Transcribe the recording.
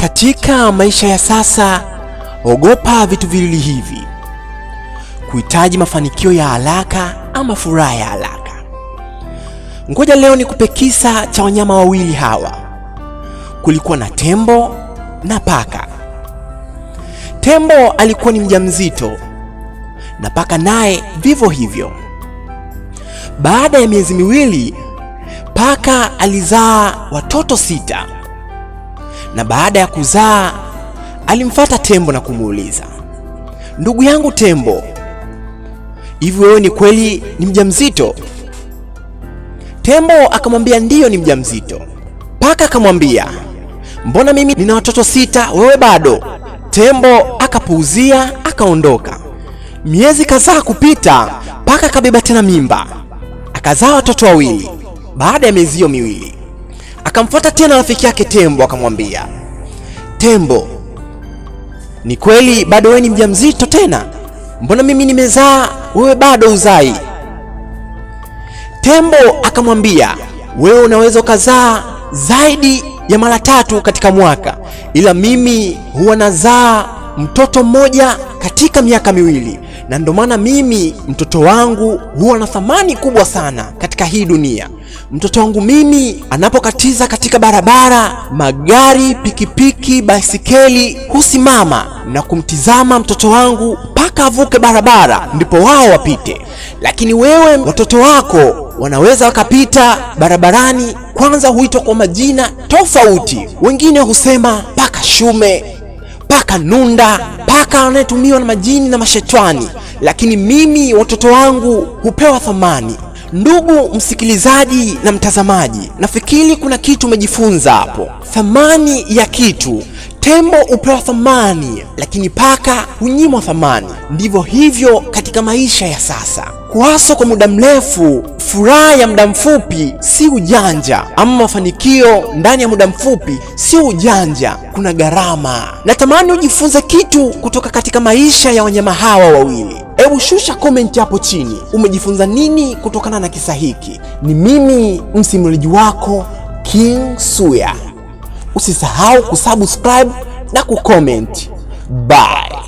Katika maisha ya sasa, ogopa vitu viwili hivi: kuhitaji mafanikio ya haraka ama furaha ya haraka. Ngoja leo nikupe kisa cha wanyama wawili hawa. Kulikuwa na tembo na paka. Tembo alikuwa ni mjamzito na paka naye vivyo hivyo. Baada ya miezi miwili, paka alizaa watoto sita na baada ya kuzaa alimfata tembo na kumuuliza, ndugu yangu tembo, hivi wewe ni kweli ni mjamzito? Tembo akamwambia ndiyo, ni mjamzito. Paka akamwambia mbona mimi nina watoto sita, wewe bado? Tembo akapuuzia akaondoka. Miezi kadhaa kupita, paka akabeba tena mimba, akazaa watoto wawili. Baada ya miezi hiyo miwili Akamfuata tena rafiki yake tembo, akamwambia tembo, ni kweli bado wewe ni mjamzito tena? Mbona mimi nimezaa wewe bado uzai? Tembo akamwambia wewe unaweza ukazaa zaidi ya mara tatu katika mwaka, ila mimi huwa nazaa mtoto mmoja katika miaka miwili, na ndio maana mimi mtoto wangu huwa na thamani kubwa sana katika hii dunia. Mtoto wangu mimi anapokatiza katika barabara, magari, pikipiki, baisikeli husimama na kumtizama mtoto wangu mpaka avuke barabara, ndipo wao wapite. Lakini wewe, watoto wako wanaweza wakapita barabarani, kwanza huitwa kwa majina tofauti. Wengine husema paka shume, paka nunda, paka anayetumiwa na majini na mashetani. Lakini mimi watoto wangu hupewa thamani Ndugu msikilizaji na mtazamaji, nafikiri kuna kitu umejifunza hapo. Thamani ya kitu, tembo hupewa thamani, lakini paka hunyimwa thamani. Ndivyo hivyo katika maisha ya sasa. kuaso kwa muda mrefu, furaha ya muda mfupi si ujanja, ama mafanikio ndani ya muda mfupi si ujanja, kuna gharama. Natamani ujifunze kitu kutoka katika maisha ya wanyama hawa wawili. Hebu shusha komenti hapo chini, umejifunza nini kutokana na kisa hiki? Ni mimi msimulizi wako King Suya. Usisahau kusubscribe na kucomment. Bye.